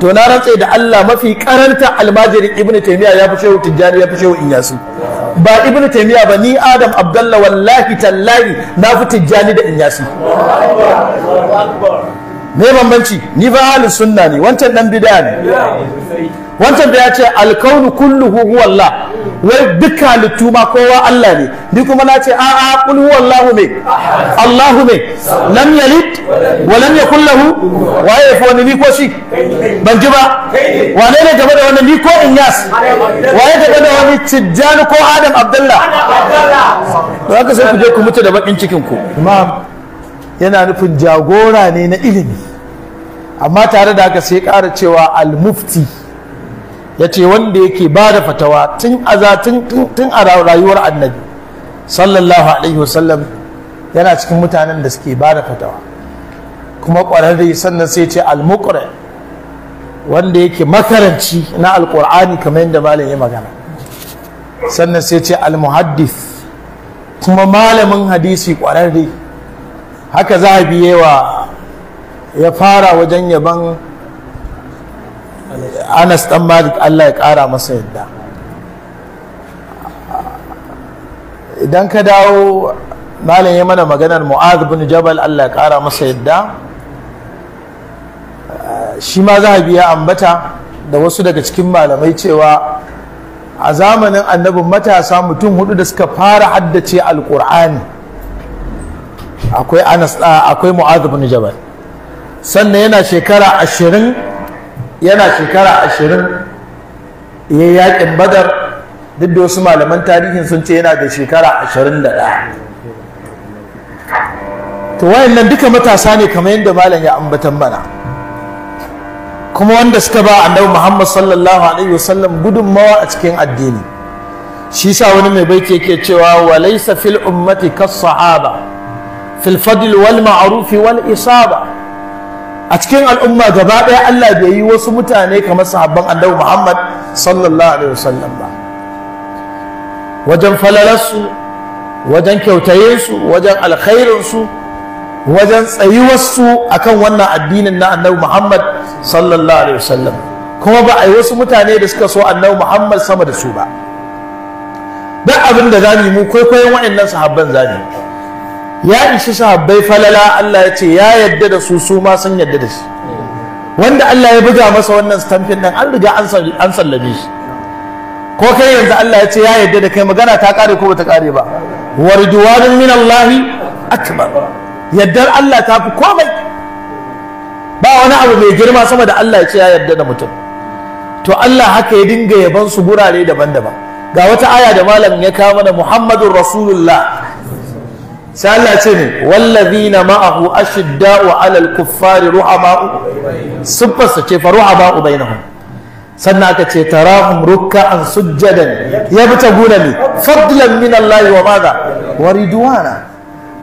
to na rantse da Allah mafi karanta almajiri ibnu taymiya ya fi shehu tijjani ya fi shehu inyasu ba ibnu taymiya ba ni adam abdullah wallahi tallahi na fi tijjani da inyasu me bambanci ni ba ahlus sunna ne wancan dan bid'a ne wancan da ya ce alkaunu kulluhu huwa Allah wai duka halittu ma kowa Allah ne ni kuma na ce a'a qul Allahu me Allahu me lam yalid wa lam yakul lahu waye fa ni ko shi ban ji ba wane ne gaba da wannan ni ko Inyas ya gaba da wani tijjan ko Adam Abdullah to haka sai ku je ku mutu da bakin cikin ku imam yana nufin jagora ne na ilimi amma tare da haka sai ƙara cewa al-mufti ya ce wanda yake ba da fatawa tun a rayuwar annabi sallallahu alaihi wasallam yana cikin mutanen da suke ba da fatawa kuma ƙwararri sannan sai ce almukure wanda yake makaranci na alƙur'ani kamar yadda malam ya magana sannan sai ce almuhaddis kuma malamin hadisi ƙwararri haka za a biye wa ya fara wajen yaban anas dan malik allah ya kara masa yadda idan ka dawo malam ya mana maganar mu'ad bin jabal allah ya kara masa yadda shi ma a biya ambata da wasu daga cikin malamai cewa a zamanin annabin matasa mutum hudu da suka fara haddace alƙur'ani akwai anas akwai mu'ad jabal sannan yana shekara ashirin yana shekara ashirin ya yi yaƙin badar duk da wasu malaman tarihin sun ce yana da shekara ashirin da ɗaya to wayannan duka matasa ne kamar yadda malam ya ambatan mana kuma wanda suka ba annabi muhammad sallallahu alaihi wasallam gudunmawa a cikin addini shi sa wani mai baiti yake cewa wa laysa fil ummati kas sahaba fil fadl wal ma'ruf wal isaba a cikin al'umma gaba ɗaya Allah bai yi wasu mutane kamar sahabban annabi Muhammad sallallahu alaihi wasallam ba wajen falalarsu wajen kyautayensu wajen alkhairinsu wajen tsayuwarsu akan wannan addinin na annabi Muhammad sallallahu alaihi wasallam kuma ba a yi wasu mutane da suka so annabi Muhammad sama da su ba duk abin da za mu kwaikwayon waɗannan sahabban zamu ya ishi sahabbai falala Allah ya ce ya yadda da su su ma sun yadda da shi wanda Allah ya buga masa wannan stamping nan an riga an sallame shi ko kai yanzu Allah ya ce ya yadda da kai magana ta kare ko bata kare ba wa ridwanun min Allah akbar yaddar Allah ta fi komai ba wani abu mai girma sama da Allah ya ce ya yadda da mutum to Allah haka ya dinga yaban su gurare daban-daban ga wata aya da malam ya kawo mana Muhammadur Rasulullah sai wallafi ce ne wallazina ma'ahu wa 'alal kuffari ruhama'u siffarsa ce fa ruhama'u bainahum sannan aka ce rukka an sujjadan yabtaguna ni. fadlan min Allah wa madha wa ridwana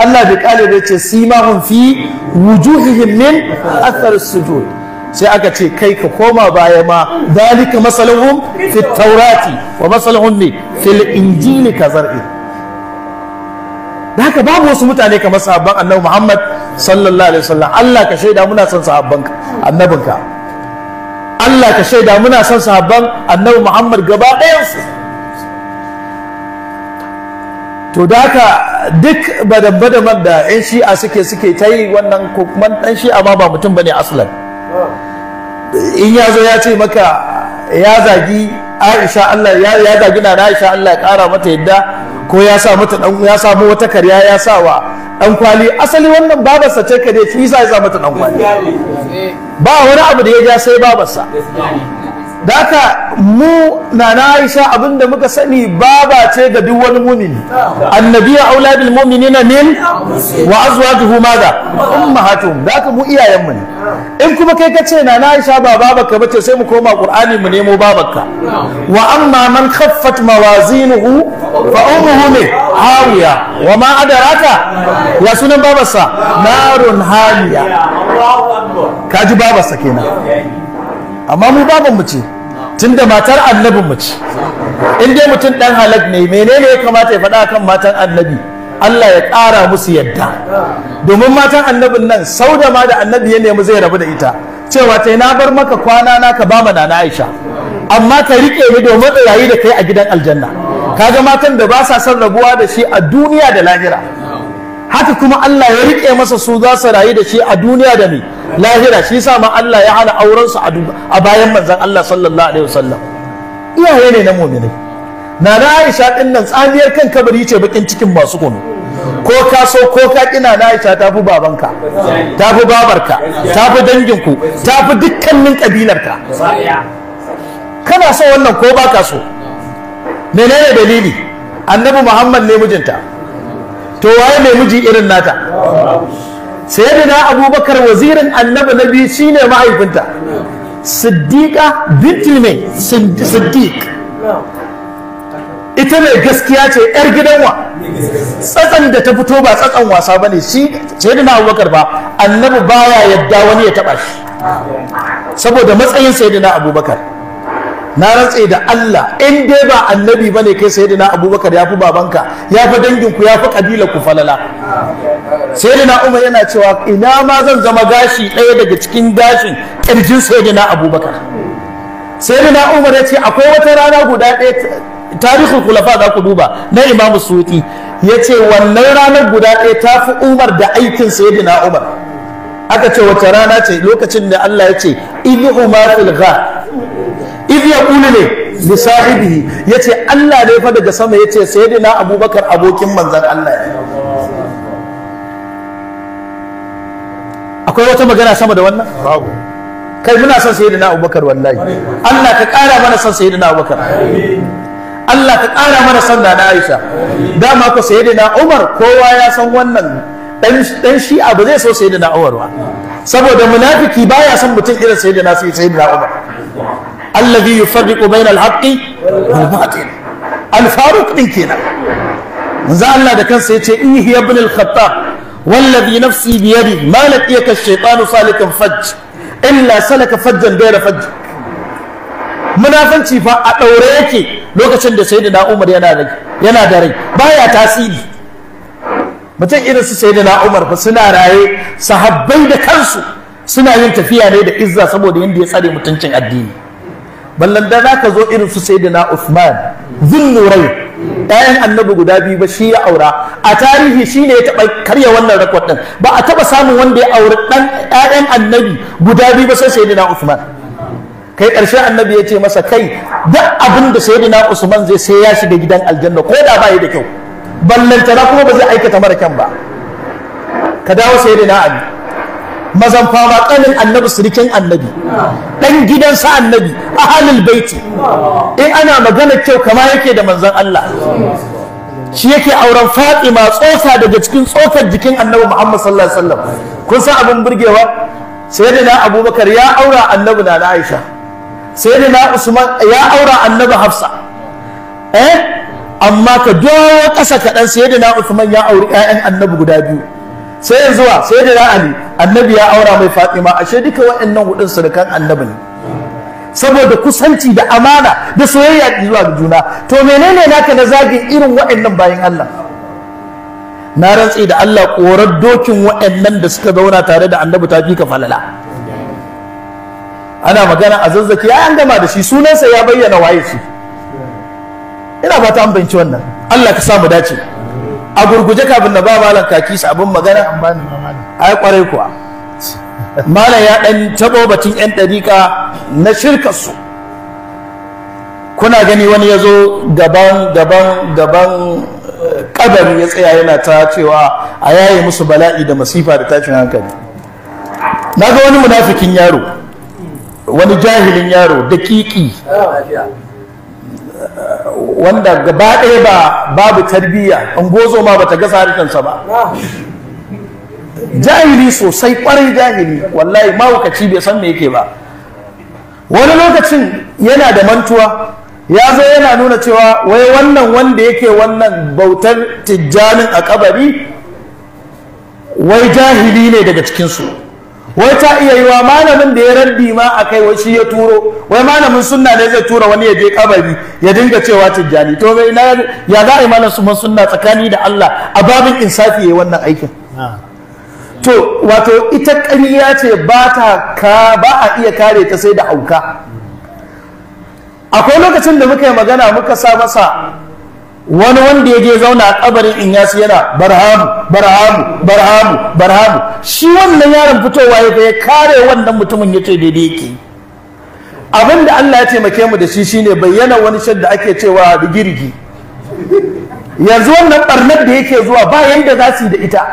Allah bi kale bai ce simahum fi wujuhihim min athar sujud sai aka ce kai ka koma baya ma dalika masalahum fi taurati wa masalahum fil injili ka zar'i da haka babu wasu mutane kamar sahabban annabi Muhammad sallallahu alaihi wasallam Allah ka shaida muna son sahabban annabinka Allah ka shaida muna son sahabban annabi Muhammad gaba ɗayansu to da haka duk man da 'yan shi'a suke suke ta yi wannan ko kuma ɗan shi'a ma ba mutum ba ne aslan in ya zo ya ce maka ya zagi aisha allah ya ya na aisha allah ya kara mata yadda ko ya sa mata dan ya samu wata karya ya sa wa dan kwali asali wannan babarsa ce ka dai shi sa ya sa mata dan kwali ba wani abu da ya ja sai babarsa da mu na na aisha abinda muka sani baba ce ga duk wani mumini annabi ya aula bil mu'minina min wa azwajuhu madha ummahatuhum da mu iyayen mu ne in kuma kai ka ce na na aisha ba babarka bace sai mu koma qur'ani mu nemo babarka wa amma man khaffat mawazinuhu fa ummuhu ne hawiya wa ma adaraka ya sunan babarsa narun haliya kaji babarsa kenan amma mu baban mu ce tunda matar annabin mu ce in dai mutum dan halak ne menene ya kamata ya faɗa kan matan annabi Allah ya ƙara musu yadda domin matan annabin nan sau da ma da annabi ya nemi zai rabu da ita cewa ta na bar maka kwana na ka ba ma na Aisha amma ka riƙe ni domin rayu da kai a gidan aljanna kaga matan da ba sa son rabuwa da shi a duniya da lahira haka kuma Allah ya riƙe masa su za su rayu da shi a duniya da ni lahira shi sa ma Allah ya hana auren su a bayan manzon Allah sallallahu alaihi wasallam iyaye ne na mu'minai nana Aisha din nan tsamiyar kan kabari ce bakin cikin masu kunu ko ka so ko ka kina na Aisha ta fi babanka ta fi babarka ta fi danginku ta fi dukkanin kabilarka kana so wannan ko baka so menene dalili annabi Muhammad ne mijinta to waye mai miji irin nata sayyidina abubakar wazirin annabi na biyu shine mahaifinta siddiqa bintul mai siddiq ita mai gaskiya ce yar gidan wa tsatsan da ta fito ba tsatsan wasa bane shi sayyidina abubakar ba annabi baya yadda wani ya taba shi saboda matsayin sayyidina abubakar na rantse da Allah in dai ba annabi bane kai sayyidina abubakar ya fi babanka ya fi danginku ya fi kabila ku falala sayyidina umar yana cewa ina ma zan zama gashi ɗaya daga cikin gashin kirjin sayyidina abubakar sayyidina umar ya ce akwai wata rana guda ɗaya tarihin kulafa za ku duba na imamu suti ya ce wannan ranar guda ɗaya ta fi umar da aikin sayyidina umar aka ce wata rana ce lokacin da Allah ya ce ilhu ma fil iya yaqulu ne li sahibihi yace Allah ne fa daga sama yace sayyidina Abubakar abokin manzon Allah ne akwai wata magana sama da wannan babu kai muna son sayyidina Abubakar wallahi Allah ka kara mana son sayyidina Abubakar Allah ka kara mana son da na Aisha dama ko sayyidina Umar kowa ya san wannan dan shi abu zai so sayyidina Umar ba saboda munafiki baya son mutum irin sayyidina sai sayyidina Umar alladhi yufarriqu bayna al-haqqi wal al-faruq din kenan manzo Allah da kansa ce in hiya ibn al-khattab والذي نفسي بيدي ما لقيك الشيطان سالكا فج إلا سلك فجا غير فج munafanci fa a ɗaure yake lokacin da sayyidina Umar yana da rai baya tasiri mutum irin su sayyidina Umar fa suna raye sahabbai da kansu suna yin tafiya ne da izza saboda yanda ya tsare mutuncin addini ballan da ka zo irin su sayyidina Uthman zunnurai ɗayan annabi guda biyu ba shi ya aura a tarihi shi ne ya taɓa karya wannan rakwat ɗin ba a taɓa samun wanda ya auri ɗan ɗayan annabi guda biyu ba sai sayyidina Usman. kai ƙarshe annabi ya ce masa kai duk abin da Usman zai sai ya shiga gidan aljanna ko da ba yi da kyau ballantana kuma ba zai aikata mara kyan ba ka dawo sayyidina Ali mazan fama kanin annabi sirikin annabi dan gidansa annabi a halin baiti in ana magana kyau kama yake da manzan Allah shi yake auren faɗi ma tsofa daga cikin tsokar jikin annabi Muhammad sallallahu alaihi wasallam kun san abin burgewa sayyidina Abubakar ya aura annabi na na Aisha sayyidina Usman ya aura annabi Hafsa eh amma ka dawo ƙasa kaɗan sayyidina Usman ya auri ƴaƴan annabi guda biyu sai zuwa sai da ali annabi ya aura mai fatima ashe duka waɗannan hudun surukan annabi ne saboda kusanci da amana da soyayya zuwa ga juna to menene naka na zagin irin waɗannan bayan Allah na rantse da Allah korar dokin waɗannan da suka zauna tare da annabi ta fi ka falala ana magana a zazzaki ya an gama da shi sunansa ya bayyana waye shi ina ba ta ambanci wannan Allah ka samu dace a gurguje kafin na ba malam kaki su abin magana ai kwarai kuwa malam ya dan tabo batun yan dariƙa na shirkar su kuna gani wani ya zo gaban gaban gaban eh, ƙadar ya tsaya yana ta cewa a yaye musu bala'i da masifa da tashin hankali na ga wani munafikin yaro wani jahilin yaro da kiki wanda gaba ɗaya ba babu tarbiyya an gozo ma ba ta gasa harshensa ba jahili sosai kwarai jahili wallahi mawukaci bai san me yake ba wani lokacin yana da mantuwa ya zo yana nuna cewa wai wannan wanda yake wannan bautar tijjanin a kabari wai jahili ne daga cikinsu wai ta iya yi wa malamin da ya raddi ma a kai wai shi ya turo wai malamin sunna ne zai tura wani ya je kabari ya dinga cewa tijjani to bai ya za a yi malamin sunna tsakani da Allah a babin insafi yayi wannan aikin to wato ita ƙarya ce ba ta ka ba a iya kare ta sai da auka akwai lokacin da muka yi magana muka sa masa wani wanda ya je zauna a kabarin in yasu yana barhamu barhamu barhamu barhamu shi wannan yaron fitowa ya ya kare wannan mutumin ya ce daidai yake abin da Allah ya taimake mu da shi shine bayyana wani shan da ake cewa digirgi. yanzu wannan barnar da yake zuwa bayan da za su da ita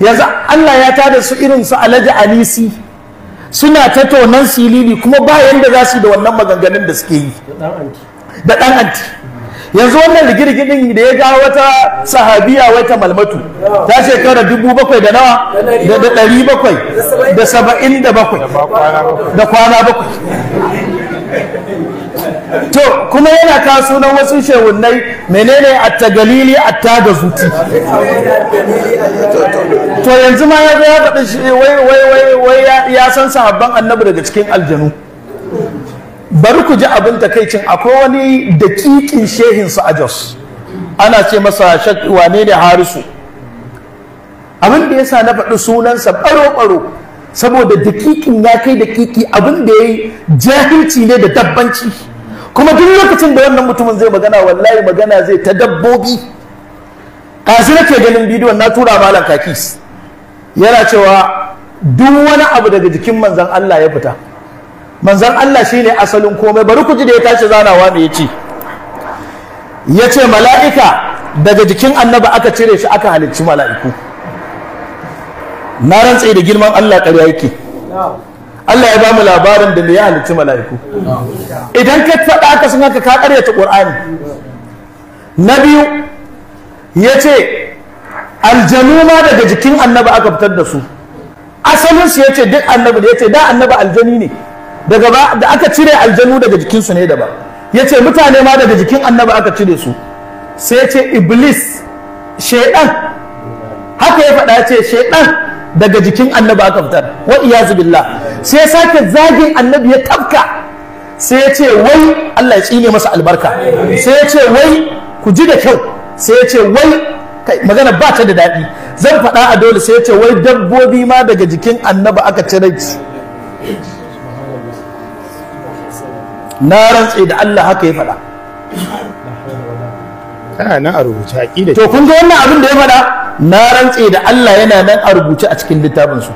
yanzu Allah ya tada su irin su alaji Alisi suna ta tonan silili kuma ba yanda za su da wannan maganganun da suke yi da ɗan anti yanzu wannan rigirgidin da ya jawo wata sahabiya wata malmatu ta shekara dubu bakwai da nawa da ɗari bakwai da saba'in da bakwai da kwana bakwai to kuma yana kawo sunan wasu shehunai menene a taga zuti to yanzu ma ya zo ya faɗi wai ya san sahabban annabi daga cikin aljanu bari ku ji abin takaicin akwai wani dakikin su a jos ana ce masa shakwa ne da harisu abin da ya sa na faɗi sunansa ɓaro-ɓaro saboda dakikin ya kai dakiki abin da ya yi jahilci ne da dabbanci kuma duk lokacin da wannan mutumin zai magana wallahi magana zai ta dabbobi kasi nake ganin bidiyon na tura malam kakis yana cewa duk wani abu daga jikin manzon Allah ya fita manzon Allah shi ne asalin komai bari ku ji da ya tashi zanawa me Ya ce mala'ika daga jikin annaba aka cire shi aka halicci mala'iku na rantse da girman Allah ƙarya yake Allah ya ba mu labarin da ya halicci mala'iku idan ka faɗa aka sun haka ka ƙaryata Kur'ani. na biyu yace aljanu ma daga jikin annaba aka fitar da su Asalinsu ya ce duk annaba da yace da annaba aljani ne daga da aka cire aljanu daga jikinsu ne daban ya ce mutane ma daga jikin annaba aka cire su sai ya ce iblis shaidan haka ya faɗa ce shaidan daga jikin annaba aka fitar wa iyazu billah sai ya sake zagin annabi ya tafka sai ya ce wai Allah ya tsine masa albarka sai ya ce wai ku ji da kyau sai ya ce wai magana ba ta da daɗi zan faɗa a dole sai ya ce wai dabbobi ma daga jikin annaba aka cire na rantse da Allah haka ya faɗa Ta nan a rubuce aqida to kun ga wannan abin da ya faɗa na rantse da Allah yana nan a rubuce a cikin littafin su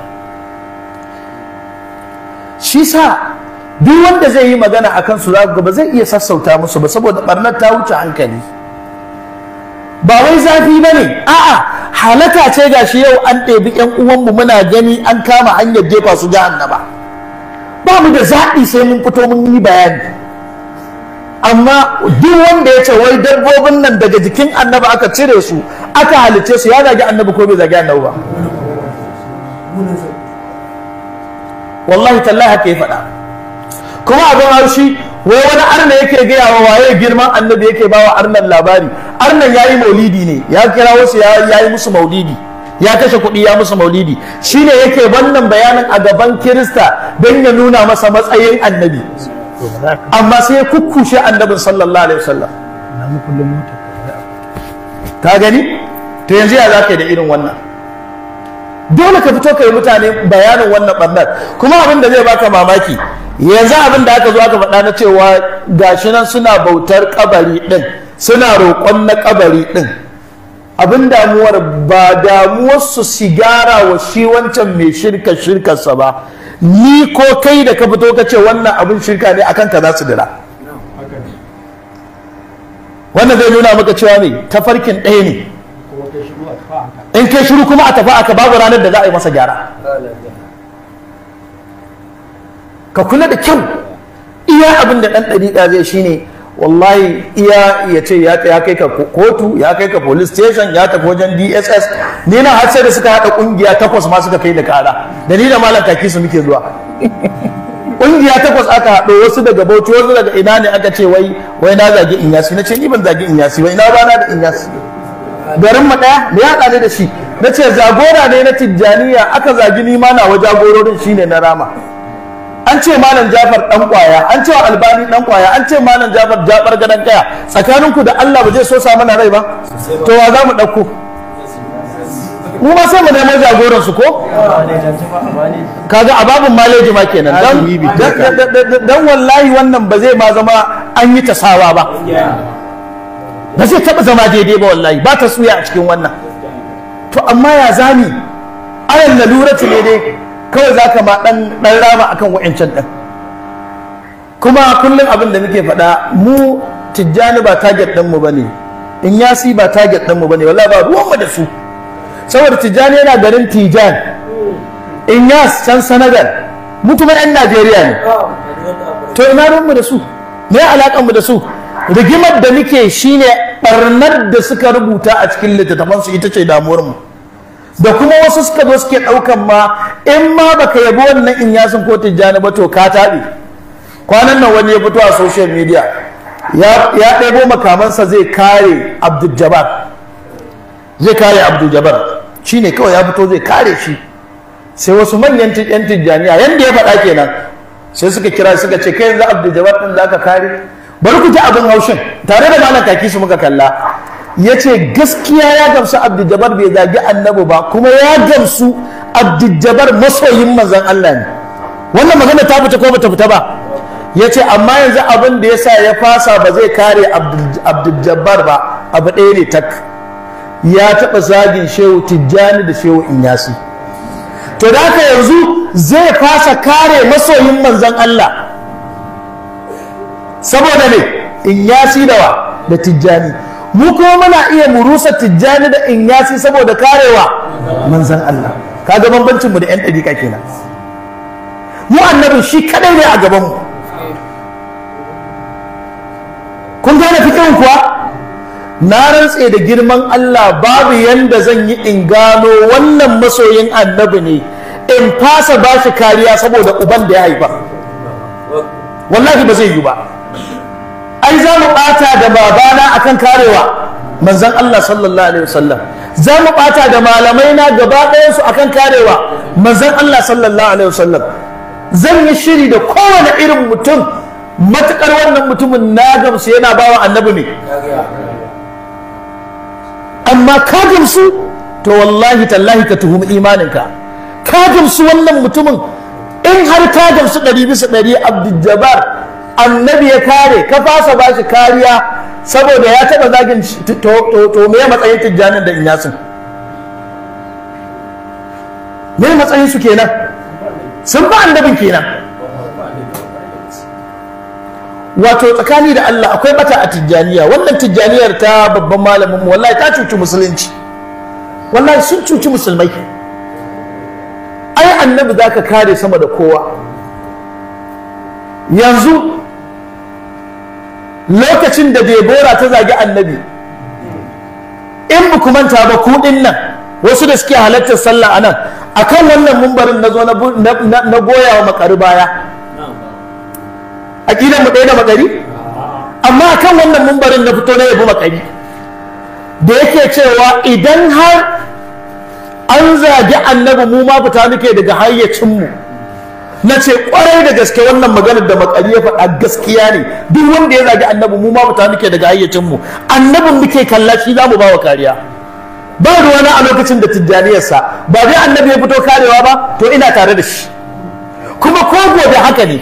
shi sa duk wanda zai yi magana akan su zaka ba zai iya sassauta musu ba saboda barnar ta wuce hankali ba wai zafi bane a'a halata ce shi yau an ɗebi 'yan uwanmu muna gani an kama hanyar jefa su naba. ba mu da zaɓi sai mun fito mun yi bayani amma duk wanda ya ce wai dabbobin nan daga jikin annabi aka cire su aka halice su ya zagi annabi ko bai zagi annabi ba wallahi tallahi ka yi faɗa kuma abin haushi wai wani arna yake gaya wa waye girman annabi yake bawa arnan labari arnan ya yi maulidi ne ya kira wasu ya yi musu maulidi ya kashe kuɗi ya musu maulidi shine yake wannan bayanin a gaban kirista don ya nuna masa matsayin annabi amma sai ya kukkushe annabin sallallahu alaihi wasallam ka gani to yanzu ya za ka yi da irin wannan dole ka fito ka yi mutane bayanin wannan ɓarnar kuma abin da zai baka mamaki yanzu abin da aka zo aka faɗa na cewa gashinan suna bautar ƙabari ɗin suna roƙon na ƙabari ɗin abin damuwar ba damuwar su sigara wa shi wancan mai shirka shirkarsa ba ni ko kai da ka fito ka ce wannan abin shirka ne akan ka za su dira wannan zai nuna maka cewa ne tafarkin ɗaya ne in kai shiru kuma a tafi aka babu ranar da za a yi masa gyara ka kula da kyau iya abin da ɗan ɗaya zai shine wallahi iya ya ce ya kai ka kotu ya kai ka police station ya tafi wajen dss ni na har sai da suka haɗa ƙungiya takwas ma suka kai da kara da ni da malam kaki su muke zuwa ƙungiya takwas aka haɗo wasu daga bauchi wasu daga ina ne aka ce wai wai na zagi yasi na ce ni ban zagi yasi wai na rana da in yasi garin mu ɗaya me ya haɗa da shi na ce jagora ne na tijjaniya aka zagi ni ma na wa jagororin shine na rama an ce malam jafar dan kwaya an ce albani dan kwaya an ce malam jafar jabar gadan kaya tsakanin ku da Allah ba zai so sa mana rai ba to wa za mu dauko mu ma sai mu nemo jagoran su ko kaga ababun maleji ma kenan dan dan wallahi wannan ba zai ma zama an yi tasawa ba ba zai taba zama daidai ba wallahi ba ta suya a cikin wannan to amma ya zani alal lalurati ne dai kawai za ka ma ɗan rama akan wayancan ɗan kuma kullum abin da muke faɗa mu tijjani ba target mu ba ne in yasi ba target mu ba ne wala ba ruwanmu da su saboda tijjani yana garin Tijjan, in yas can sanagal, mu 'yan najeriya ne to ina ruwanmu da su me alaƙanmu da su rigimar da muke shine ɓarnar da suka rubuta a cikin littattafansu ita ce damuwarmu da kuma wasu suka zo suke ɗaukan ma in ma baka yabi wannan in sun ko tijjani ba to ka taɓe kwanan nan wani ya fito a social media ya ɗebo makamansa zai kare abdul zai kare abdul shi ne kawai ya fito zai kare shi sai wasu manyan yan tijjaniya yanda ya faɗa kenan sai suka kira suka ce kai yanzu abdul ɗin za ka kare bari ku abin haushin tare da malam kaki su muka kalla ya ce gaskiya ya gamsu abdujabbar bai zagi annabi ba kuma ya gamsu abdujabbar masoyin manzan Allah ne wannan magana ta fita ko bata fita ba ya ce amma yanzu abin da ya sa ya fasa ba zai kare abdujabbar ba abu ɗaya ne tak ya taɓa zagin shehu tijjani da shehu inyasi to da haka yanzu zai fasa kare masoyin manzan Allah saboda ne inyasi da wa da tijjani mu kuma muna iya murusa tijjani da in inyasi saboda karewa manzan Allah kaga bambancin mu da yan ke kenan mu annabin shi kadai ne a gaban mu kun gane fikirin kuwa na rantse da girman Allah babu yanda zan yi in gano wannan masoyin annabi ne in fasa ba shi kariya saboda uban da ya haifa wallahi ba zai yi ba ai za mu ɓata da babana a kan karewa manzon Allah sallallahu alaihi wasallam za mu ɓata da malamai na gaba ɗayan su akan karewa manzon Allah sallallahu alaihi wasallam zan yi shiri da kowane irin mutum matuƙar wannan mutumin na gamsu yana bawa annabi ne amma ka gamsu to wallahi tallahi ka tuhumi imaninka ka gamsu wannan mutumin in har ka gamsu ɗari bisa ɗari abdul annabi ya kare ka fasa ba shi kariya saboda ya taɓa zagin to me matsayin tijjanin da inyasin me matsayin su kenan sun ba annabin kenan wato tsakani da Allah akwai bata a tijjaniya wannan tijjaniyar ta babban malamin mu wallahi ta cuci musulunci wallahi sun cuci musulmai ai annabi zaka kare sama da kowa yanzu lokacin da debora ta zagi annabi in ba ku manta ba ku nan wasu da suke halartar sallah anan akan wannan mumbarin na zo na goya wa makari baya aƙidan mu ɗaya da makari amma akan wannan mumbarin na fito na yabi makari da yake cewa idan har an zagi annabi mu ma fita muke daga hayyacinmu mu na ce kwarai da gaske wannan maganar da makari ya faɗa gaskiya ne duk wanda ya zagi annabi mu ma mutane ke daga ayyacin mu annabin muke kalla shi zamu ba wa kariya ba na a lokacin da tijjaniyarsa ba dai annabi ya fito karewa ba to ina tare da shi kuma ko gobe haka ne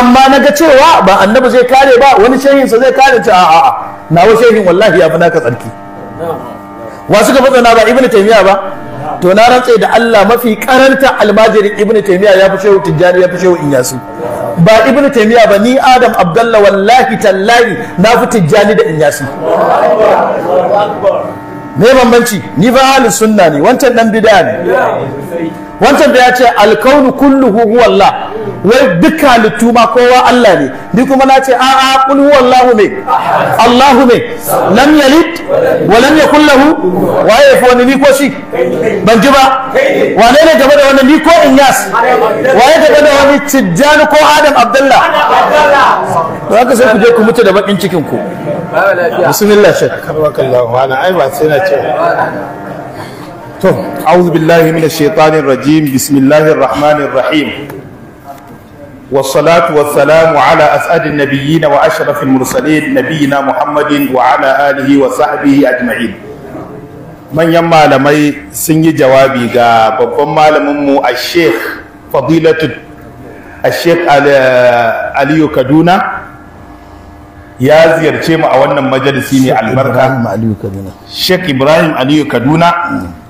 amma na ga cewa ba annabi zai kare ba wani shehin sa zai kare ta a'a nawa shehin wallahi ya fi naka tsarki wa suka na ba ibnu taymiya ba to na rantse da Allah mafi karanta almajirin ibnu taymiya ya fi shehu tijjani ya fi shehu inyasu ba ibnu taymiya ba ni adam abdullah wallahi tallahi na fi tijjani da inyasu me bambanci ni ba halin sunna ne wancan dan bid'a ne wancan da ya ce alkaunu kulluhu Allah wai duka halittu ma kowa Allah ne ni kuma na ce a a kul huwallahu me Allahu me lam yalid wa lam yakul lahu waye fa wani ni ko shi ban ji ba wane ne gaba da wani ni ko Inyas waye gaba da wani tijjan ko Adam Abdullah to haka sai ku je ku mutu da bakin cikin ku bismillah shek karwakallahu ana ai ba sai na ce to auzu billahi minash shaitani rajim bismillahir rahmanir rahim wassalatu wassalamu ala as'adin nabiyyin wa ashrafil mursalin nabiyina muhammadin wa ala alihi wa sahbihi ajma'in manyan malamai sun yi jawabi ga babban malamin mu ash fadilatu ash-sheikh aliyu kaduna ya ziyarce mu a wannan majalisi ne albarka sheikh ibrahim aliyu kaduna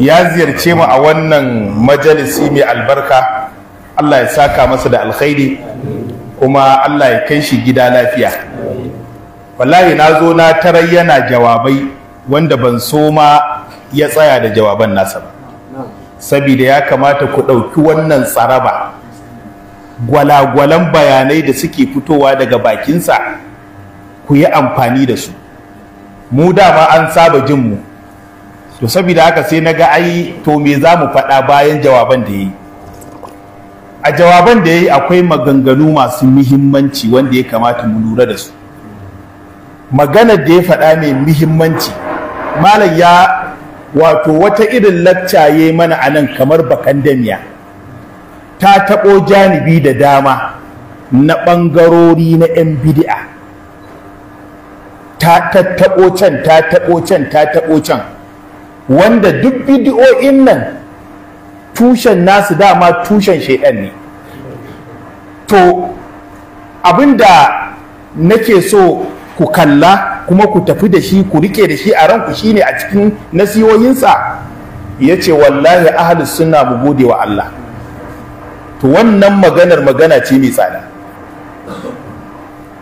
ya ziyarce mu a wannan majalisi mai albarka Allah ya saka masa da alkhairi kuma Allah ya kai shi gida lafiya wallahi na zo na tarar yana jawabai wanda ban so ma ya tsaya da jawaban nasa ba saboda ya kamata ku ɗauki wannan tsaraba gwalagwalan bayanai da suke fitowa daga bakinsa ku yi amfani da su mu dama an saba jin mu to saboda haka sai na ga ai to me za mu faɗa bayan jawaban da ya yi a jawaban da ya yi akwai maganganu masu muhimmanci wanda ya kamata mu lura da su maganar da ya faɗa mai muhimmanci malam ya wato wata irin laccaye mana a nan kamar bakan damiya ta taɓo janibi da dama na ɓangarori na 'yan bidi'a ta tattaɓo can ta taɓo can ta taɓo can wanda duk bidiyo'in nan tushen nasu dama tushen shaidan ne to abinda nake so ku kalla kuma ku tafi da shi ku rike da shi a ranku shine a cikin nasiyoyinsa, ya ce wallahi ahalus suna mu gode wa Allah to wannan maganar magana ce mai tsada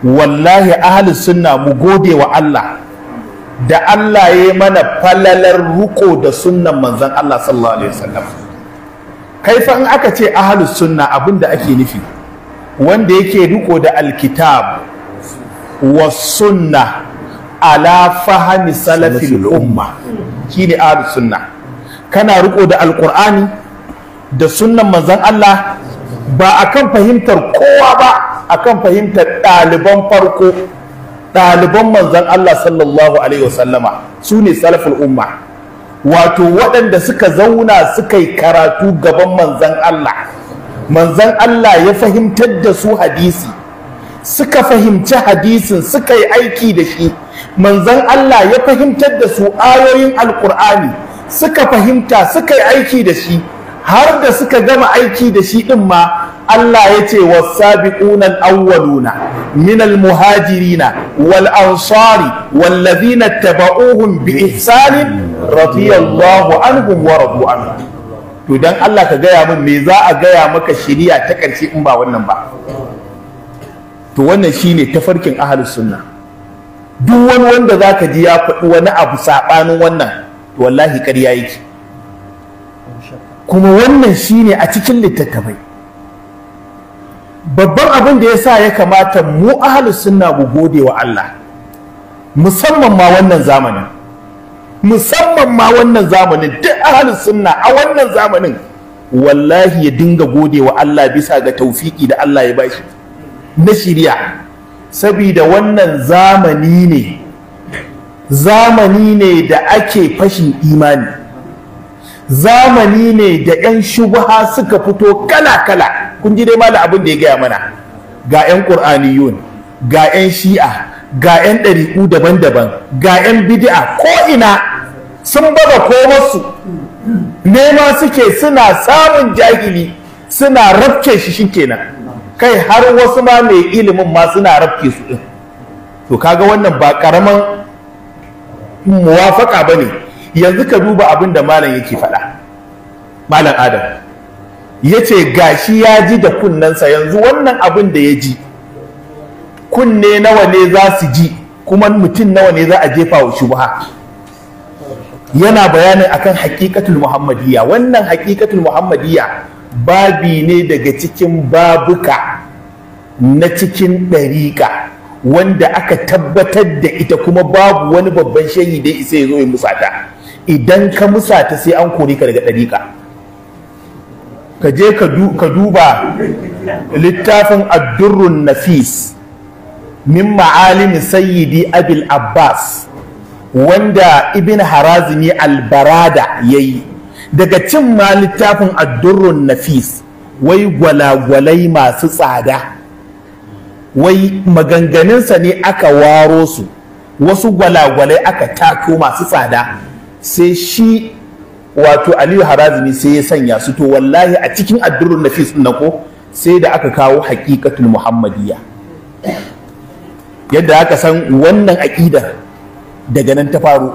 wallahi ahalus suna mu gode wa Allah da Allah ya mana falalar ruko da sunnan manzan Allah sallallahu alaihi wasallam kai fa in aka ce ahlus sunna da ake nufi wanda yake riko da alkitab wa sunna ala fahmi salafil umma shine ahlus sunna kana riko da alqur'ani da sunnan manzan Allah ba akan fahimtar kowa ba akan fahimtar ɗaliban farko ɗaliban manzon Allah sallallahu alaihi wasallama su ne salaful umma wato waɗanda suka zauna suka yi karatu gaban Manzan Allah manzon Allah ya fahimtar da su hadisi suka fahimci hadisin suka yi aiki da shi manzon Allah ya fahimtar da su ayoyin alkur'ani suka fahimta suka yi aiki da shi har da suka gama aiki da shi ɗin ma Allah ya ce wa sabiƙunan awwaluna minal muhajirina wal ansari wallazina taba'uhum bi ihsanin radiyallahu anhum wa radu anhu to dan Allah ka gaya min me za a gaya maka shiriya ta ƙarshe in ba wannan ba to wannan shine tafarkin ahlus sunna duk wani wanda zaka ji ya faɗi wani abu saɓanin wannan to wallahi ƙarya yake kuma wannan shine a cikin littattafai babban abin da yasa ya kamata mu ahlus sunna mu gode wa Allah musamman ma wannan zamanin musamman ma wannan zamanin duk ahlus sunna a wannan zamanin wallahi ya dinga gode wa Allah bisa ga taufiki da Allah ya bashi na shirya sabida wannan zamani ne zamani ne da ake fashin imani zamani ne da 'yan shubuha suka fito kala-kala kun ji dai malam abin da ya gaya mana ga yan ƙur'aniyun ga yan shi'a ga yan ɗari'u daban-daban ga yan bid'a ko ina sun ko komarsu nema suke suna samun jahili suna rafke shi shikenan kai har wasu ma mai ilimin ma suna rafke su ɗin to kaga wannan ba karaman muwafaka ne, yanzu ka duba abin da malam yake faɗa malam adam ya ce ga shi ya ji da kunnensa yanzu wannan abin da ya ji kunne nawa ne za su ji kuma mutum nawa ne za a jefa wa shubha yana bayanin akan hakikatul muhammadiyya wannan hakikatul muhammadiyya babi ne daga cikin babuka na cikin ɗariƙa wanda aka tabbatar da ita kuma babu wani babban shayi dai isa ya zo ya musata idan ka musata sai an kori ka daga ɗariƙa ka je ka duba littafin addurrun nafis min ma'alimi sayyidi abil abbas wanda ibn harazimi albarada ya yi daga cin ma littafin addurrun nafis wai gwalagwalai masu tsada wai maganganinsa ne aka waro su wasu gwalagwalai aka tato masu tsada sai shi wato aliyu harazimi sai ya sanya su to wallahi a cikin addurrun nafis na ko sai da aka kawo haƙiƙatul muhammadiyya yadda aka san wannan aƙidar daga nan ta faru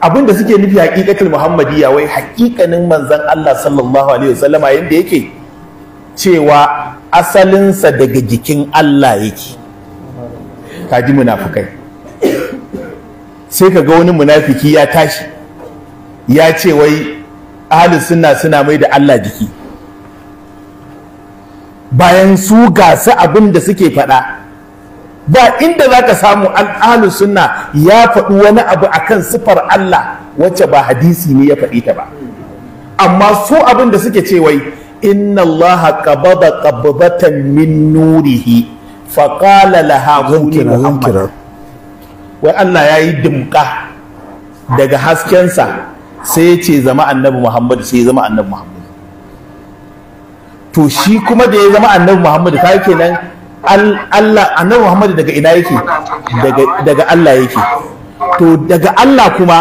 abin suke nufi haƙiƙatul muhammadiyya wai haƙiƙanin manzon Allah sallallahu alaihi wasallama yadda yake cewa asalinsa daga jikin Allah yake kaji munafukai sai ka ga wani munafiki ya tashi ya ce wai ahalin sunna suna mai da Allah jiki bayan su gasa abin da suke faɗa ba inda za ka samu ahalin sunna ya faɗi wani abu akan sifar Allah wacce ba hadisi ne ya faɗi ta ba amma su abin da suke ce wai inna Allah qabada qabbatan min nurihi qala laha kuni Muhammad wai Allah ya yi dimka daga haskensa sai ya ce zama annabi muhammadu sai ya zama annabi muhammadu to shi kuma da ya zama annabi muhammadu ka nan Allah annabi muhammadu daga ina yake daga Allah yake to daga Allah kuma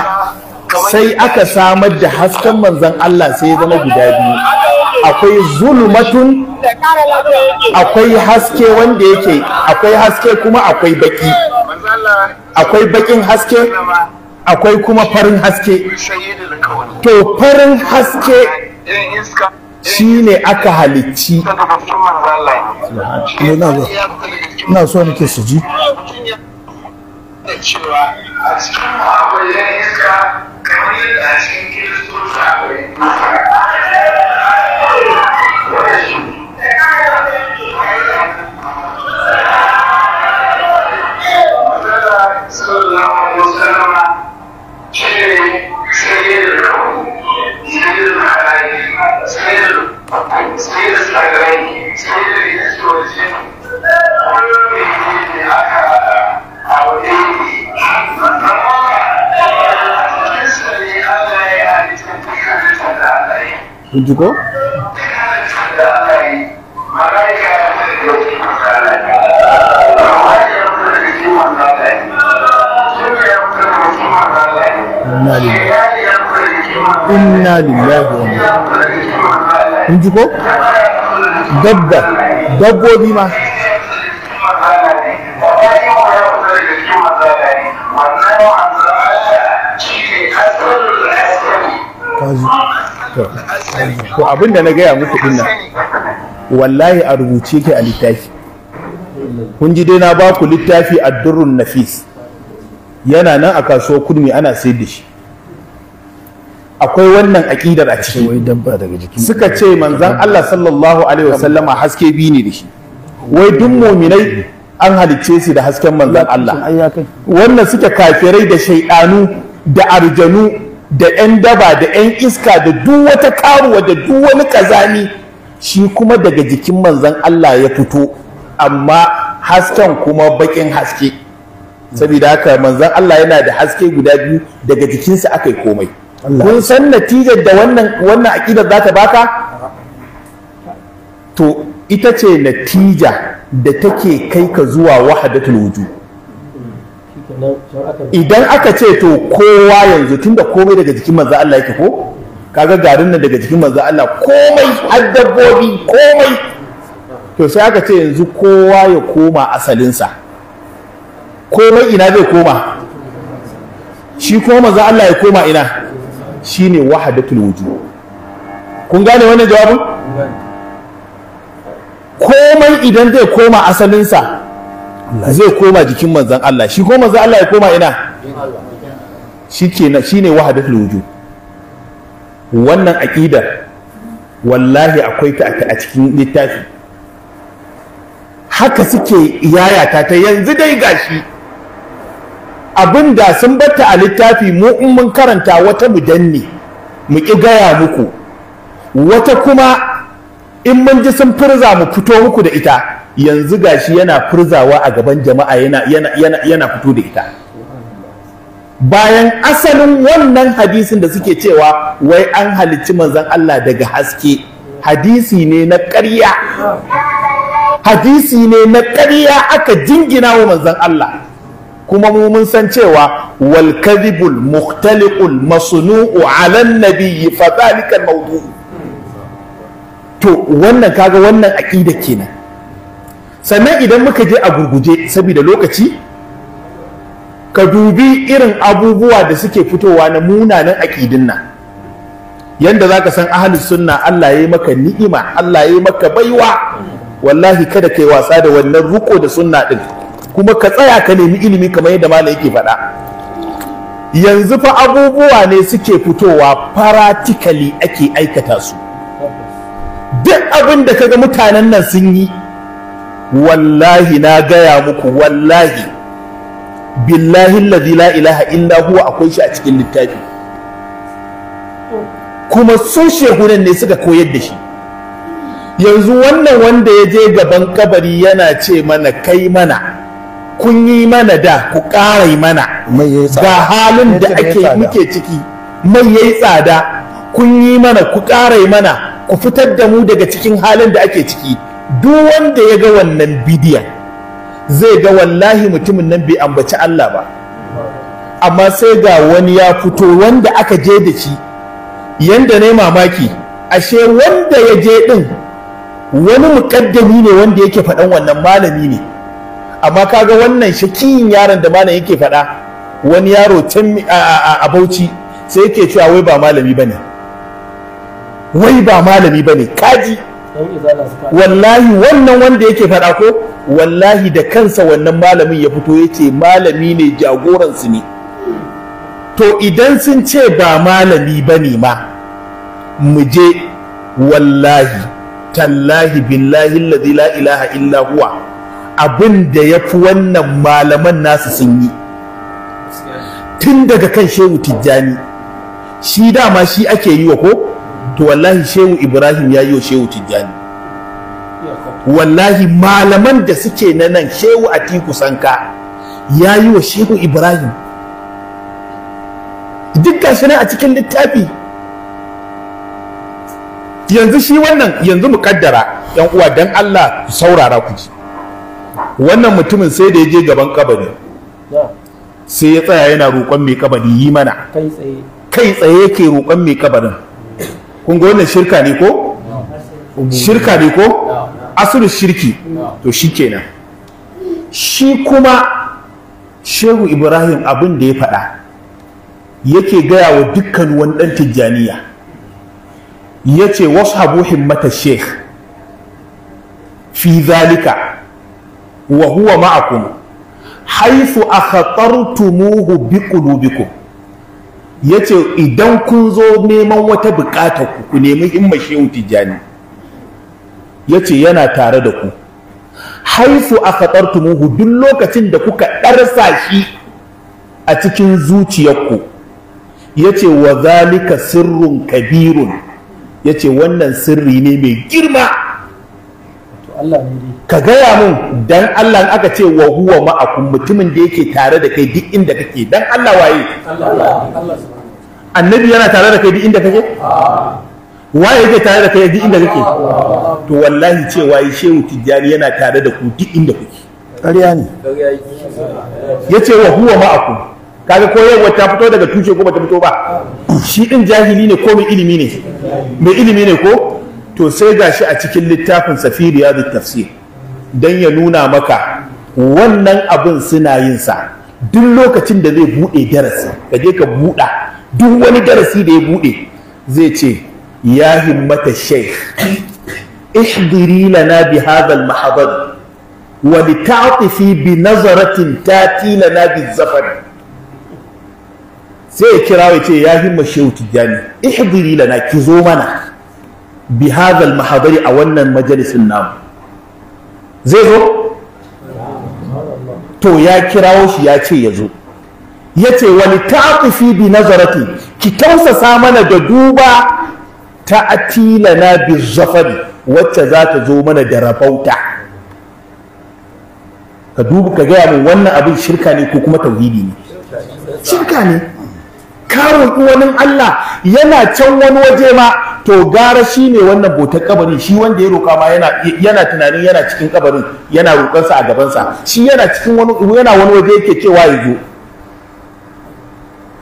sai aka samar da hasken manzan Allah sai ya zama guda biyu akwai zulumatun akwai haske wanda yake akwai haske kuma akwai baki akwai bakin haske akwai kuma farin haske to farin haske shi ne aka halicci eh, na so nake su ji cewa still, still struggling, still is choosing only our daily. Kunjiko? Inna lillahi wa inna kun ji ko dabba dabbobi ma to abin da na gaya muku dinnan wallahi a rubuce ke a littafi kun ji dai na ba ku littafi addurrun nafis yana nan a kasuwar kurmi ana sayar da shi akwai wannan aƙidar a cikin wai dabba daga jiki suka ce manzan Allah sallallahu alaihi wasallama haske bi ne da shi wai duk muminai an halicce su da hasken manzan Allah wannan suke kafirai da shaidanu da arjanu da yan daba da yan iska da duk wata karuwa da duk wani kazani shi kuma daga jikin manzan Allah ya fito amma hasken kuma bakin haske saboda haka manzan Allah yana da haske guda biyu daga jikinsa aka komai kun san natijar da wannan wannan za ta baka to ita ce natija da take kai ka zuwa wahadatul wuju idan aka ce to kowa yanzu tunda komai daga jikin manzo Allah yake ko kaga garin nan daga jikin manzo Allah komai addabobi komai to sai aka ce yanzu kowa ya koma asalinsa komai ina zai koma shi kuma manzo Allah ya koma ina shine wahadatul wujud kun gane wannan jawabin komai idan zai koma asalinsa zai koma jikin manzan Allah shi ko manzan Allah ya koma ina shi na shine wahadatul wujud wannan aƙidar? wallahi akwai ta a cikin littafi haka suke iyayata ta yanzu dai gashi abin da sun batta a littafi mu in mun karanta wata mu danne mu ki gaya muku wata kuma in mun ji sun firza mu fito muku da ita yanzu gashi yana firzawa a gaban jama'a yana yana yana yana fito da ita bayan asalin wannan hadisin da suke cewa wai an halicci manzon Allah daga haske hadisi ne na ƙarya hadisi ne na ƙarya aka jingina wa manzon Allah kuma mu mun san cewa wal kadhibul mukhtaliqul masnu'u 'ala an-nabiyyi fa dhalika mawdu to wannan kaga wannan aqida kenan sannan idan muka je a gurguje saboda lokaci ka dubi irin abubuwa da suke fitowa na munanan aqidin nan yanda zaka san ahlus sunna Allah yayi maka ni'ima Allah yayi maka baiwa wallahi kada kai wasa da wannan ruko da sunna din kuma ka tsaya ka nemi ilimi kamar yadda malam yake faɗa yanzu fa abubuwa ne suke fitowa faratikali ake aikata su duk abin da kaga mutanen nan sun yi wallahi na gaya muku wallahi billahi ladhi la ilaha illa huwa akwai shi a cikin littafi kuma su shehunan ne suka koyar da shi yanzu wannan wanda ya je gaban kabari yana ce mana kai mana kun yi mana da ku ƙara yi mana ga halin da ake muke ciki mai yayi tsada kun yi mana ku ƙara yi mana ku fitar da mu daga cikin halin da ake ciki duk wanda ya ga wannan bidiyon zai ga wallahi mutumin nan bai ambaci Allah ba amma sai ga wani ya fito wanda aka je da shi yanda yi mamaki ashe wanda ya je din wani mukaddami ne wanda yake faɗan wannan malami ne amma kaga wannan shakiyin yaron da malam yake faɗa wani yaro can a Bauchi sai yake cewa wai ba malami bane wai ba malami bane kaji wallahi wannan wanda yake faɗa ko wallahi da kansa wannan malamin ya fito ya malami ne jagoransu ne to idan sun ce ba malami bane ma mu je wallahi tallahi billahi la ilaha illa huwa abin da ya fi wannan malaman nasu sun yi tun daga kan shehu tijjani shi dama shi ake yi wa ko to wallahi shehu ibrahim ya yi wa shehu tijjani wallahi malaman da suke na nan shehu atiku sanka ya yi wa shehu ibrahim duk gashi a cikin littafi yanzu shi wannan yanzu mu kaddara yan uwa dan Allah saurara ku ji wannan mutumin sai da ya je gaban kabari sai ya tsaya yana roƙon mai kabari yi mana kai tsaye yake roƙon mai kabarin kun ga wannan shirka ne ko shirka ne ko asiru shirki to shi kenan shi kuma shehu ibrahim abin da ya faɗa yake gaya wa dukkan wani ɗan tijjaniya ya ce wasu habuhin mata sheikh fi zalika wa huwa ma'akum haythu akhatartumuhu biqulubikum yace idan kun zo neman wata bukata ku ku nemi himmar shehu tijani yace yana tare da ku haifu akhatartumuhu duk lokacin da kuka ɗarsa shi a cikin zuciyarku yace wa zalika sirrun kabirun yace wannan sirri ne mai girma ka gaya mun dan Allah aka ce wa huwa ma'akum mutumin da yake tare da kai duk inda kake dan Allah waye annabi yana tare da kai duk inda kake ah. waye yake tare da kai duk inda kake ah, to wallahi ce waye shehu tijjani yana tare da ku duk inda kuke ƙarya ne yace wa huwa ma'akum kaga yau ta fito daga tushe ko bata fito ba ah. shi din jahili ne ko mai ilimi ne mai ilimi ne ko to sai shi a cikin littafin safiri ya tafsir don ya nuna maka wannan abin suna yin sa duk lokacin da zai buɗe darasi ka je ka buɗa duk wani darasi da ya buɗe zai ce ya himmata sheikh ihdiri lana bi hadha al wa litatifi bi nazaratin tatila na bi zafar sai ya kira ya ce ya himma shehu tijjani ihdiri lana ki zo mana bi hadhal mahadari a wannan majalisin namu zai zo to ya kirawo shi ya ce ya zo ya ce wani taƙufi bi nazarati ki tausasa mana da duba ta atila na bi zafari wacce za ta zo mana da rabauta ka duba ka gaya min wannan abin shirka ne ko kuma tauhidi ne shirka ne Kawun uwanin Allah yana can wani waje ma to gara shi ne wannan botar kabarin shi wanda ya roƙa ma yana tunanin yana cikin kabarin yana roƙonsa a gabansa shi yana cikin wani wani waje yake cewa ya zo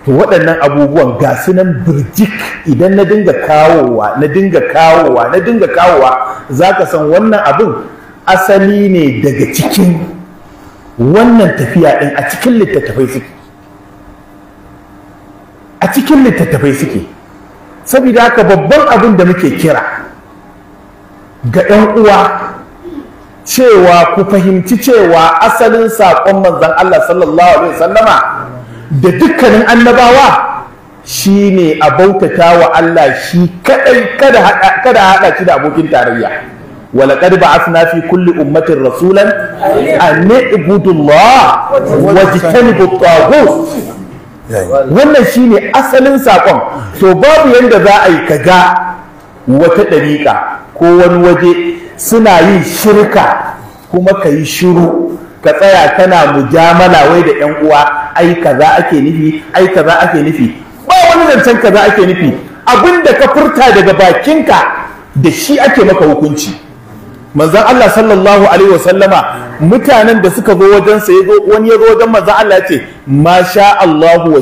to waɗannan abubuwan ga su nan birjik idan na dinga kawowa na dinga kawowa na dinga kawowa za ka san wannan abin asali ne daga cikin wannan tafiya ɗin a cikin littattafai suke a cikin littattafai suke saboda haka babban abin da muke kira ga 'yan uwa cewa ku fahimci cewa asalin saƙon manzan Allah sallallahu alaihi wasallama da dukkanin annabawa shi ne a bautata wa Allah shi kadai kada haɗa shi da abokin tarayya walaqad ba'athna fi kulli ummatin rasulan an ibudu Allah wa jitanibu at wannan shi ne asalin saƙon. to babu yadda za a yi ka ga wata ɗariƙa ko wani waje suna yin shirka kuma ka yi shiru ka tsaya tana mujamala wai da yan uwa ai kaza ake nufi ai kaza ake nufi ba wani zancen kaza ake nufi abinda ka furta daga bakinka da shi ake maka hukunci Manzan Allah sallallahu alaihi wasallama mutanen da suka zo wajen sa wani ya zo wajen manzan Allah ce ma sha Allahu wa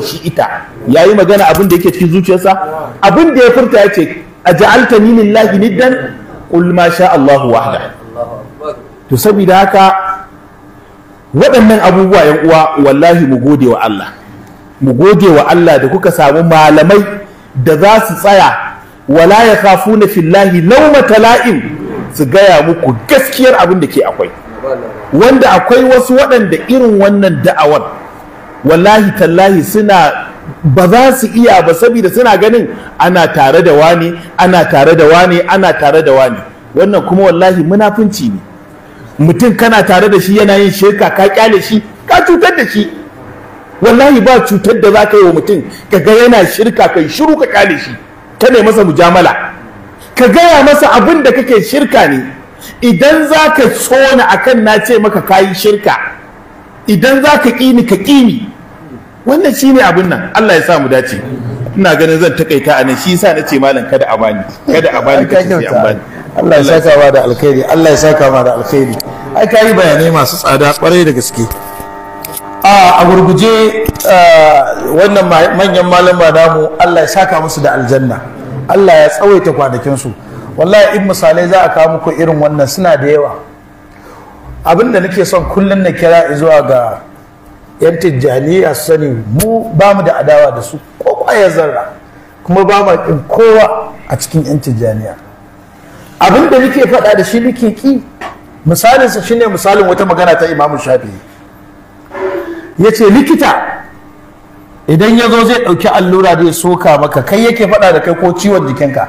ya yi magana abin da yake cikin zuciyarsa abin da ya furta ya ce aj'altani lahi niddan qul ma sha Allahu haɗa to saboda haka waɗannan abubuwa yan uwa wallahi mu gode wa Allah mu gode wa Allah da kuka samu malamai da za su tsaya wala ya fillahi laumata tala'in su gaya muku gaskiyar abin da ke akwai wanda akwai wasu waɗanda irin wannan da'awar wallahi tallahi suna ba za su iya ba saboda suna ganin ana tare da wani ana tare da wani ana tare da wani wannan kuma wallahi munafunci ne mutum kana tare da shi yana yin shirka ka kyale shi ka cutar da shi wallahi ba cutar da za ka yi wa mutum ka ga yana shirka kai shiru ka kyale shi ka ne masa mujamala ka gaya masa abin da kake shirka ne idan za ka tsona kan na ce maka kayi shirka idan za ka ƙini ka ƙini wannan shi ne abin nan Allah ya sa mu dace ina ganin zan takaita a nan shi yasa na ce malam kada a bani kada a bani ka ce an bani Allah ya saka ma da alkhairi Allah ya saka ma da alkhairi ai kayi bayanai masu tsada kwarai da gaske a gurguje eh, wannan manyan malama namu Allah ya saka musu da aljanna Allah ya tsawaita kwanakinsu wallahi in misalai za a kawo muku irin wannan suna da yawa abin da nake son kullum na kira zuwa ga yan tijjaniya su sani mu ba mu da adawa da su ko kwayar zarra kuma ba mu ɗin kowa a cikin yan tijjaniya abin da nake faɗa da shi nake ki misalinsa shine misalin wata magana ta imamu Shafi. ya ce likita idan ya zo zai ɗauki allura zai soka maka kai yake faɗa da kai ko ciwon jikinka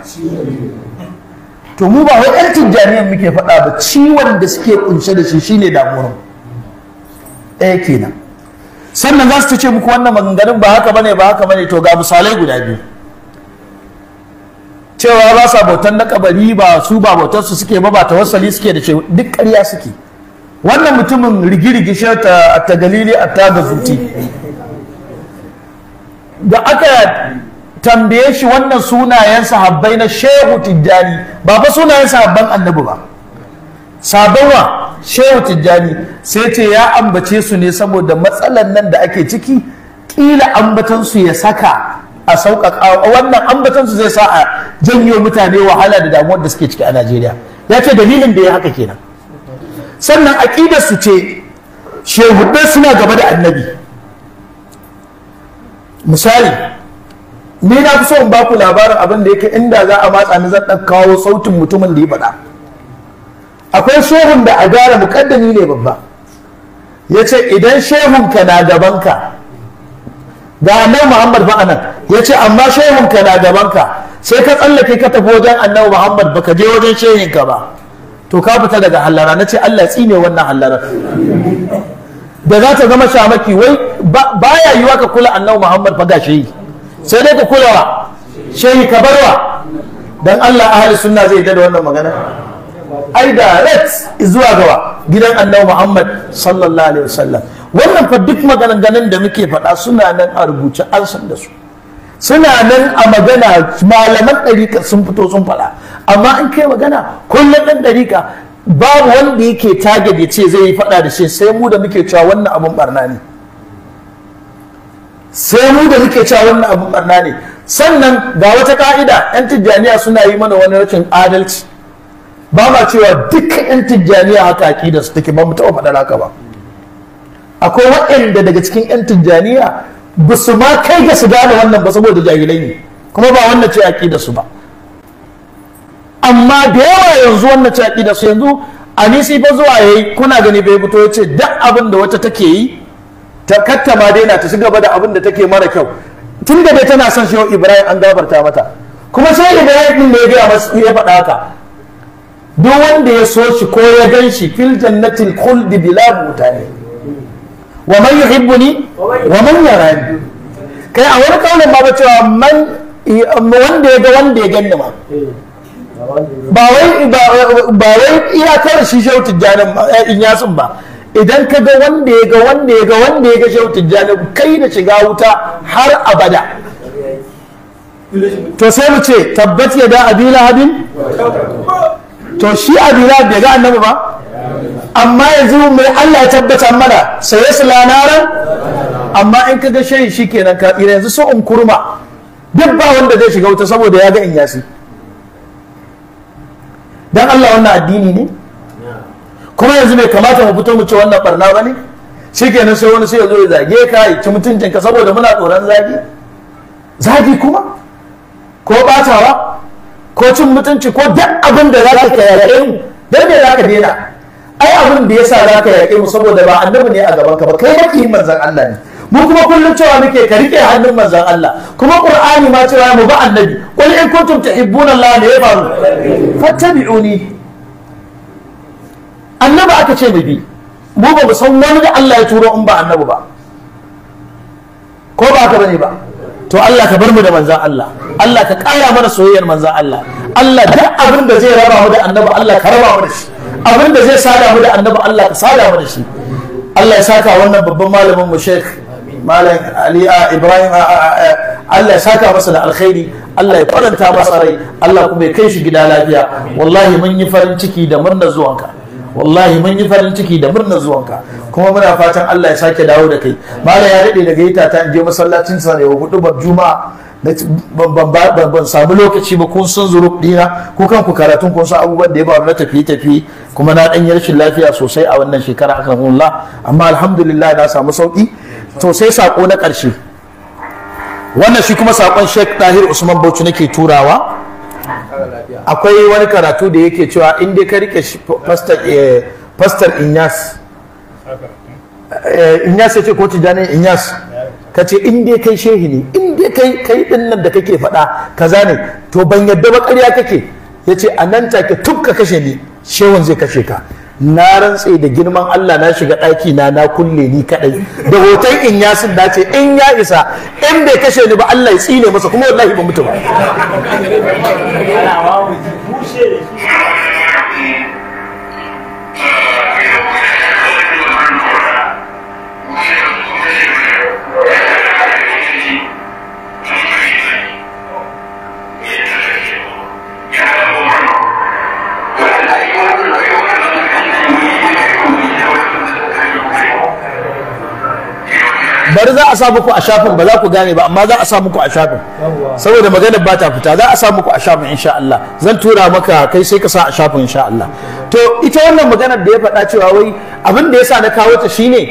to mu ba wai yan tijjaniyar muke faɗa ba ciwon da suke kunshe da shi shine damuwar ɗaya kenan sannan za su ce muku wannan maganganun ba haka bane ba haka bane to ga misalai guda biyu cewa ba sa bautan na kabari ba su ba bautar su suke ba ba tawassali suke da cewa duk ƙarya suke wannan mutumin rigirigi shi ta galili a ta zuti da aka tambaye shi wannan sunayen sahabbai na shehu tijjani ba fa sunayen sahabban annabi ba sabawa shehu tijjani sai ce ya ambace su ne saboda matsalan nan da ake ciki kila ambatan su ya saka a sauƙaƙa wannan ambatan su zai sa a janyo mutane wahala da damuwar da suke ciki a Najeriya ya ce dalilin da ya haka kenan sannan aƙidar su ce shehudai suna gaba da annabi misali ni na fi so in baku labarin abin da yake inda za a matsa ni zan ɗan kawo sautin mutumin da ya faɗa akwai shehun da a gara mukaddami ne babba ya ce idan ka na gabanka ga annabi muhammad ba anan ya ce amma ka na gabanka sai ka tsallake ka tafi wajen annabi muhammad ba ka je wajen shehin ka ba to ka fita daga hallara na ce allah tsine wannan hallarar da za ta zama shamaki wai yi wa ka kula annabi Muhammad fa gashi sai dai ka kula wa shehi ka barwa dan Allah ahli sunna zai da wannan magana ai direct zuwa gawa gidan annabi Muhammad sallallahu alaihi wasallam wannan fa duk maganganun da muke faɗa suna nan a rubuce an san da su suna nan a magana malaman ɗarika sun fito sun faɗa amma in kai magana kullum ɗan ɗarika babu wanda yake target ya zai yi faɗa da shi sai mu da muke cewa wannan abun barna ne sai mu da muke cewa wannan abun barna ne sannan ga wata ka'ida yan tijjaniya suna yi mana wani rashin adalci ba ma cewa dukkan yan tijjaniya haka aƙida su take ba mu taɓa faɗa haka ba akwai waɗanda daga cikin yan tijjaniya ba su ma kai ga su gane wannan ba saboda jahilai ne kuma ba wannan ce aƙida su ba amma da yawa yanzu wannan ci aƙida su yanzu nisi fa zuwa yayi kuna gani bai fito ya ce duk abin da wata take yi ta katta ma daina ta ci gaba da abin da take mara kyau tun da bai tana son shi ibrahim an gabarta mata kuma sai ibrahim din da ya gaya masu ya faɗa haka duk wanda ya so shi ko ya gan shi fil jannatil khuldi bila mutane wa man yuhibbuni wa man yarani kai a wani kaulin ma ba cewa man wanda ya ga wanda ya ganni ma ba wai ba wai iyakar shi shehu tijjanin eh, in yasin ba idan ka ga wanda ya ga wanda ya ga wanda ya ga shehu tijjanin kai da shiga wuta har abada to sai mu ce tabbat ya da abi lahabin to shi abi lahab ya ga annabi ba amma yanzu mai Allah ya tabbata mana sai ya sula ran amma in ka ga shi kenan ka tsira yanzu so in kurma duk ba wanda zai shiga wuta saboda ya ga in yasi dan Allah wannan addini ne kuma yanzu bai kamata mu fito mu ce wannan barna bane shikenan sai wani sai ya zo ya zage ka ya ci mutuncin ka saboda muna tsoron zagi zagi kuma ko batawa ko cin mutunci ko duk abin da za ka yaƙe mu dan me za ka daina ai abin da yasa za ka yaƙe mu saboda ba annabi ne a gaban ka ba kai makiyin manzon Allah ne mu kuma kullum cewa muke ka rike hannun manzon Allah kuma qur'ani ma cewa mu ba annabi qul in kuntum tuhibbuna Allah ne ya faru fattabi'uni annabi aka ce mu bi mu ba mu san wani da Allah ya turo in ba annabi ba ko ba ka bane ba to Allah ka bar mu da manzon Allah Allah ka kara mana soyayyar manzon Allah Allah duk abin da zai raba mu da annabi Allah ka raba mu da shi abin da zai sada mu da annabi Allah ka sada mu da shi Allah ya saka wannan babban malamin mu Sheikh malam ali a ibrahim Allah ya saka masa da alkhairi Allah ya faranta masa rai Allah kuma ya kai shi gida lafiya wallahi mun yi farin ciki da murnar zuwanka wallahi mun yi farin ciki da murnar zuwanka kuma muna fatan Allah ya sake dawo da kai malam ya daɗe daga ita ta je masallacin sa ne ko hudu juma'a ban samu lokaci ba kun san zuru dina ku kanku karatun kun san abubuwan da ya ba na tafi tafi kuma na dan yi rashin lafiya sosai a wannan shekara akan Allah amma alhamdulillah na samu sauƙi. to sai sako na ƙarshe wannan shi kuma sakon Sheikh Tahir Usman Bauchi nake turawa akwai wani karatu da yake cewa in dai ka rike eh, pastor Inyas eh, Inyas ya ce ko Tijani Inyas ka ce in dai kai shehi ne in dai kai kai din nan da kake faɗa kaza ne to ban yadda ba ƙarya kake yace a nan take tuk ka kashe ni shehun zai kashe ka na rantse da girman Allah na shiga ɗaki na na kulle ni kaɗai da hoton in ya na dace in ya isa in bai kashe ni ba Allah ya tsine masa kuma wallahi ba mutu ba bari za a sa muku a shafin ba za ku gane ba amma za a sa muku a shafin saboda maganar ba ta fita za a sa muku a shafin insha Allah zan tura maka kai sai ka sa a shafin insha Allah to ita wannan maganar da ya faɗa cewa wai abin da yasa na kawo ta shine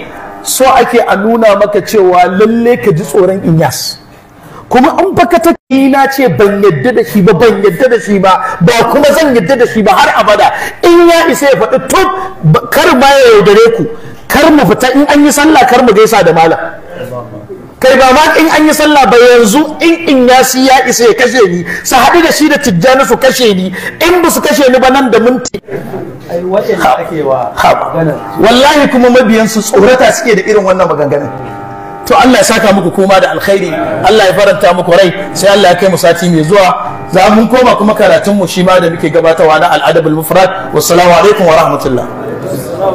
so ake a nuna maka cewa lalle ka ji tsoron inyas kuma an baka ta na ce ban yadda da shi ba ban yadda da shi ba ba kuma zan yadda da shi ba har abada in ya isa ya faɗi tun kar ma ya yaudare ku kar mu fita in an yi sallah kar mu gaisa da malam kai ba ma in an yi sallah ba yanzu in in ya si ya isa ya kashe ni su haɗu da shi da tijjani su kashe ni in ba su kashe ni ba nan da minti wallahi kuma mabiyansu tsorata suke da irin wannan maganganun to Allah ya saka muku koma da alkhairi Allah ya faranta muku rai sai Allah ya kai mu sati mai zuwa za mun koma kuma karatun mu shi ma da muke gabatawa na al-adabul mufrad wassalamu alaikum wa rahmatullah